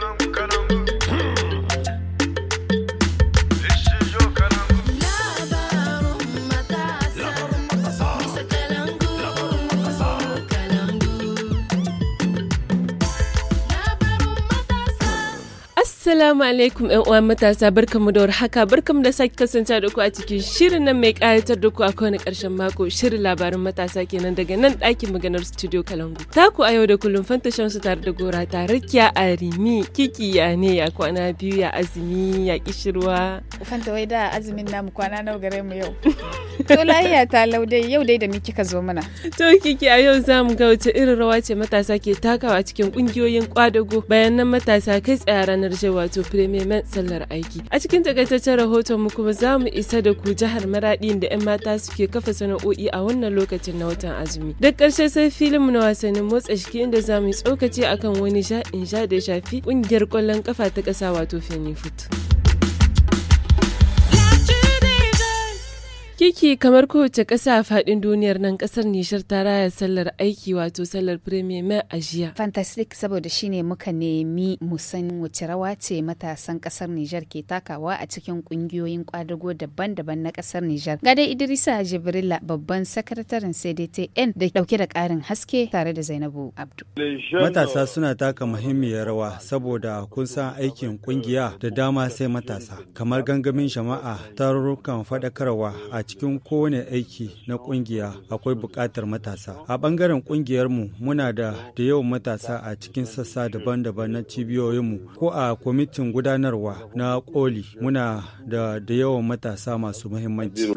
gonna. Assalamu alaikum ƴan uwan matasa barkamu da warhaka barkamu da sake kasance da ku a cikin shirin nan mai ƙayatar da ku a kowane ƙarshen mako shirin labarin matasa kenan daga nan ɗakin maganar studio Kalangu. Taku a yau da kullum fanta su tare da gora ta rakiya a rimi kiki ya ne ya kwana biyu ya azumi ya kishirwa. Fanta wai da azumin namu kwana nawa gare mu yau. To lahiya ta laudai yau dai da zo mana. To kiki a yau zamu ga wace irin rawa ce matasa ke takawa cikin kungiyoyin kwadago bayan nan matasa kai tsaye ranar je wato premier sallar aiki. A cikin takaitaccen rahoton mu kuma zamu isa da ku jihar Maradi da 'yan mata suke kafa sana'o'i a wannan lokacin na watan azumi. Da ƙarshe sai filin mu na wasannin motsa jiki inda zamu mu yi tsokaci akan wani sha'in sha da shafi kungiyar kwallon kafa ta ƙasa wato fut. kiki kamar kowace kasa a faɗin duniyar nan ƙasar Nishar ta raya sallar aiki wato sallar Premier Mai a jiya. Fantastic saboda shine muka nemi mu san wace rawa ce matasan kasar Nijar ke takawa a cikin ƙungiyoyin kwadago daban-daban na ƙasar Nijar. Gada Idrisa Jibrila babban sakataren CDTN da dauke da ƙarin haske tare da Zainabu Abdu. Matasa suna taka muhimmiyar rawa saboda kun san aikin ƙungiya da dama sai matasa kamar gangamin jama'a tarurrukan faɗakarwa a cikin cikin kowane aiki na kungiya akwai buƙatar matasa. A ɓangaren mu muna da da yawan matasa a cikin sassa daban-daban na cibiyoyin mu ko a kwamitin gudanarwa na koli muna da da yawan matasa masu muhimmanci.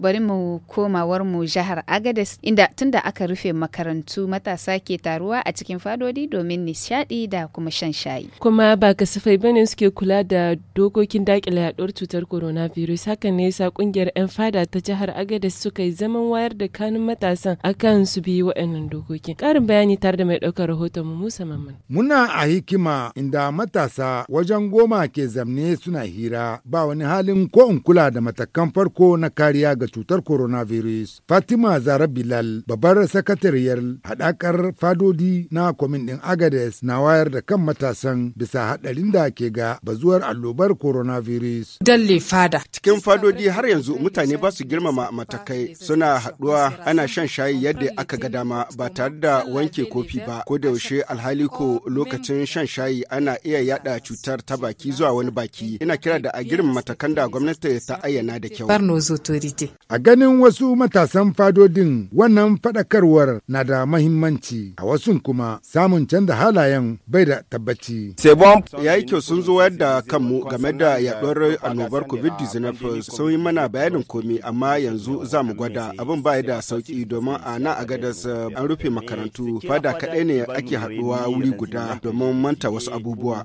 Bari mu komawar mu jihar Agadez inda tunda aka rufe makarantu matasa ke taruwa a cikin fadodi domin nishaɗi da kuma shan shayi. Kuma ba kasafai bane suke kula da dokokin daƙile yaɗuwar cutar coronavirus hakan ne yasa kungiyar 'yan fada ta jihar Agadez suka yi zaman wayar da kanun matasan akan su bi waɗannan dokokin. Karin bayani tare da mai ɗaukar rahoton mu Musa Mamman. Muna a hikima inda matasa wajen goma ke zamne suna hira ba wani halin ko in kula da matakan farko na kariya ga cutar coronavirus. Fatima Zara Bilal babbar sakatariyar haɗakar fadodi na kwamin ɗin Agadez na wayar da kan matasan bisa haɗarin da ke ga bazuwar allobar coronavirus. Dalle fada. Cikin fadodi har yanzu mutane ba su girmama matakai suna haɗuwa ana shan shayi yadda aka ga dama ba tare da wanke kofi ba ko da yaushe alhali ko lokacin shan shayi ana iya yada cutar ta baki zuwa wani baki ina kira da a girmama matakan da gwamnati ta ayyana da kyau. A ganin wasu matasan fadodin wannan faɗakarwar na da mahimmanci a wasu kuma samun canza halayen bai da tabbaci. Sebon ya yi kyau sun zo yadda kanmu game da yaɗuwar annobar COVID-19 sun yi mana bayanin komi amma yanzu za mu gwada abin ba da sauki domin a na a gadas eh, an rufe makarantu fada kaɗai ne ake haduwa wuri guda domin manta wasu abubuwa.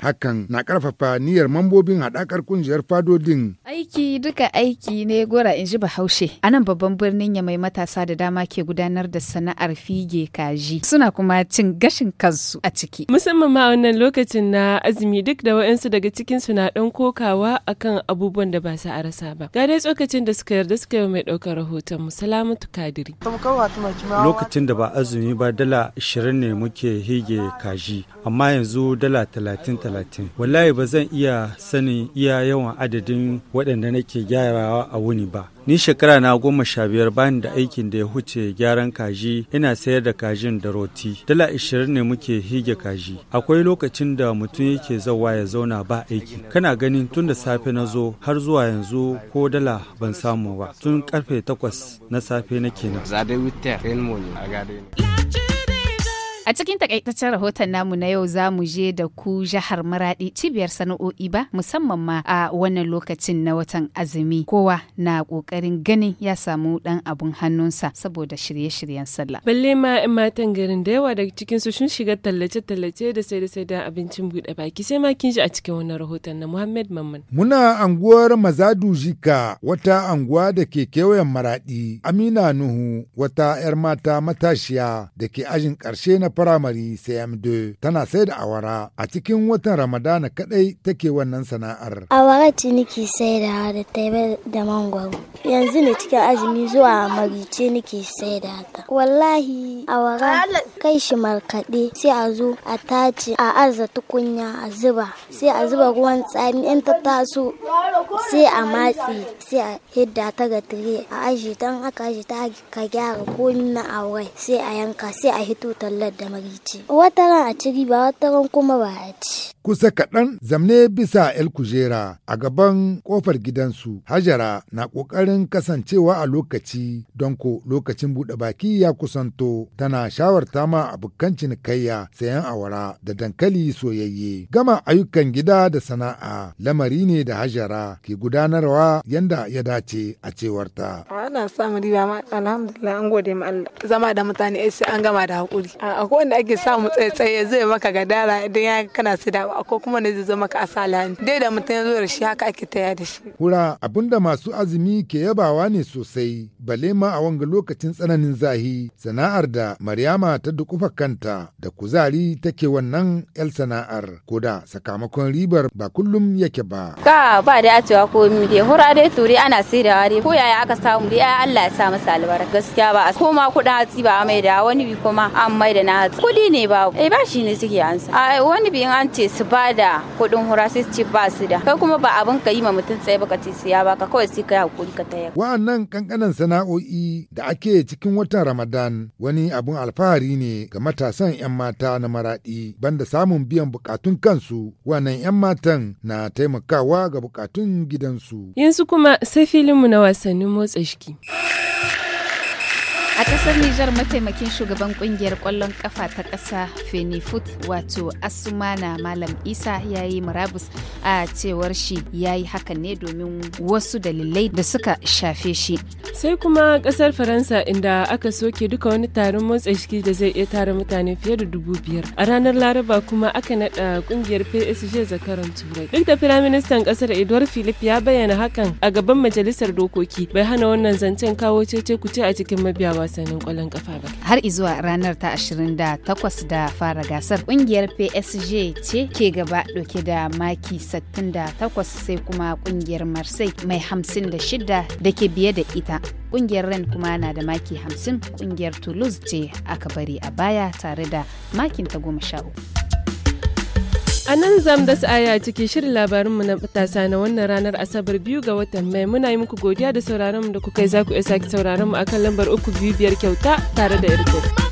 Hakan na ƙarfafa niyyar mambobin haɗakar kungiyar fadodin. Aiki duka aiki ne gora in ji bahaushe. A nan babban birnin ya mai matasa da dama ke gudanar da sana'ar fige kaji. Suna kuma cin gashin kansu a ciki. Musamman ma wannan lokacin na azumi duk da wa'ansu daga cikinsu na ɗan kokawa akan abubuwan da ba masu a ba ga dai tsokacin da suka yarda suka yi mai ɗaukar rahoton mu salamatu kadiri lokacin da ba azumi ba dala ashirin ne muke hige kaji amma yanzu dala talatin talatin wallahi ba zan iya sanin iya yawan adadin waɗanda nake gyarawa a wuni ba Ni shekara na goma sha biyar bani da aikin da ya huce gyaran kaji ina sayar da kajin da roti. Dala ishirin ne muke hige kaji. Akwai lokacin da mutum yake zawa ya zauna ba aiki. Kana ganin tun da safe na zo har zuwa yanzu ko dala ban samu ba. Tun karfe takwas na safe na kenan. A cikin takaitaccen rahoton namu na yau za mu je da ku jihar Maradi cibiyar sana'o'i ba musamman ma a wannan lokacin na watan azumi. Kowa na kokarin ganin ya samu dan abun hannunsa saboda shirye-shiryen sallah. Balle ma in matan garin da yawa daga cikin su sun shiga tallace-tallace da sai da sai da abincin buɗe baki sai ma kin ji a cikin wannan rahoton na Muhammad Mamman. Muna anguwar Mazadu Jika wata anguwa da ke kewayen Maradi. Amina Nuhu wata 'yar mata matashiya da ke ajin ƙarshe na firamare sayam do tana sai da awara a cikin watan Ramadana kadai take wannan sana'ar. Awara ce ciniki sai da da taiba da mangwaro. Yanzu ne cikin azumi zuwa marice nake sai da ta. Wallahi awara kai shi markaɗe sai a zo a tace a arza tukunya a zuba sai a zuba ruwan tsami in ta taso sai a matse sai a hidda ta ga tire a aji tan aka aji ta ka gyara komi na awai sai a yanka sai a hito tallar da marici. Wata a ciri ba wata ran kuma ba a ci. Kusa kaɗan zamne bisa el kujera a gaban ƙofar gidansu, Hajara na ƙoƙarin kasancewa a lokaci don ko lokacin buɗe baki ya kusanto tana shawarta ma abokan cinikayya sayan awara da dankali soyayye. Gama ayyukan gida da sana'a lamari ne da Hajara ke gudanarwa yanda ya dace a cewarta. Ana samun riba ma alhamdulillah an gode ma Allah. Zama da mutane sai an gama da haƙuri. akwai wanda ake samu tsaye zai maka gadara idan ya kana da ko kuma ne zai zo maka asala dai da mutum ya zo da shi haka ake taya da shi kura abinda masu azumi ke yabawa ne sosai bale ma a wanga lokacin tsananin zahi sana'ar da maryama ta dukufa kanta da kuzari take wannan yal sana'ar da sakamakon ribar ba kullum yake ba ka ba da cewa ko dai hura dai turi ana saidawa dai ko yaya aka samu dai Allah ya sa masa albarka gaskiya ba ko ma kuɗin hatsi ba mai da wani bi kuma an mai da na a kudi ne ba eh ba shi ne suke ansa a wani biyan an ce su ba da kudin hura sai su ce ba su da kai kuma ba abin ka yi ma mutum tsaye ba ka ce siya ba ka kawai sai ka hakuri ka tayar wa'annan kankanan sana'o'i da ake cikin watan ramadan wani abun alfahari ne ga matasan 'yan mata na maraɗi banda samun biyan bukatun kansu wannan 'yan matan na taimakawa ga bukatun gidansu yanzu kuma sai filin mu na wasannin motsa shiki. A kasar Nijar mataimakin shugaban ƙungiyar kwallon ƙafa ta ƙasa Fenifut wato Asumana Malam Isa ya yi murabus a cewar shi ya yi hakan ne domin wasu dalilai da suka shafe shi. Sai kuma ƙasar Faransa inda aka soke duka wani taron motsa jiki da zai iya tara mutane fiye da dubu biyar. A ranar Laraba kuma aka naɗa ƙungiyar PSG zakaran Turai. Duk da Firaministan ƙasar Edouard Philippe ya bayyana hakan a gaban majalisar dokoki bai hana wannan zancen kawo cece kuce a cikin mabiya wasannin kwallon kafa ba. Har izuwa ranar ta 28 da fara gasar kungiyar PSG ce ke gaba doke da maki 68 sai kuma kungiyar Marseille mai hamsin da ke biye da ita. Kungiyar Ren kuma na da maki hamsin kungiyar Toulouse ce aka bari a baya tare da makinta 13. A nan zam da sa'aya cikin shirin labarinmu na matasa na wannan ranar Asabar biyu ga watan Mai muna yi muku godiya da sauraron da kuka yi za ku iya sake sauraron mu akan lambar uku biyu biyar kyauta tare da irko.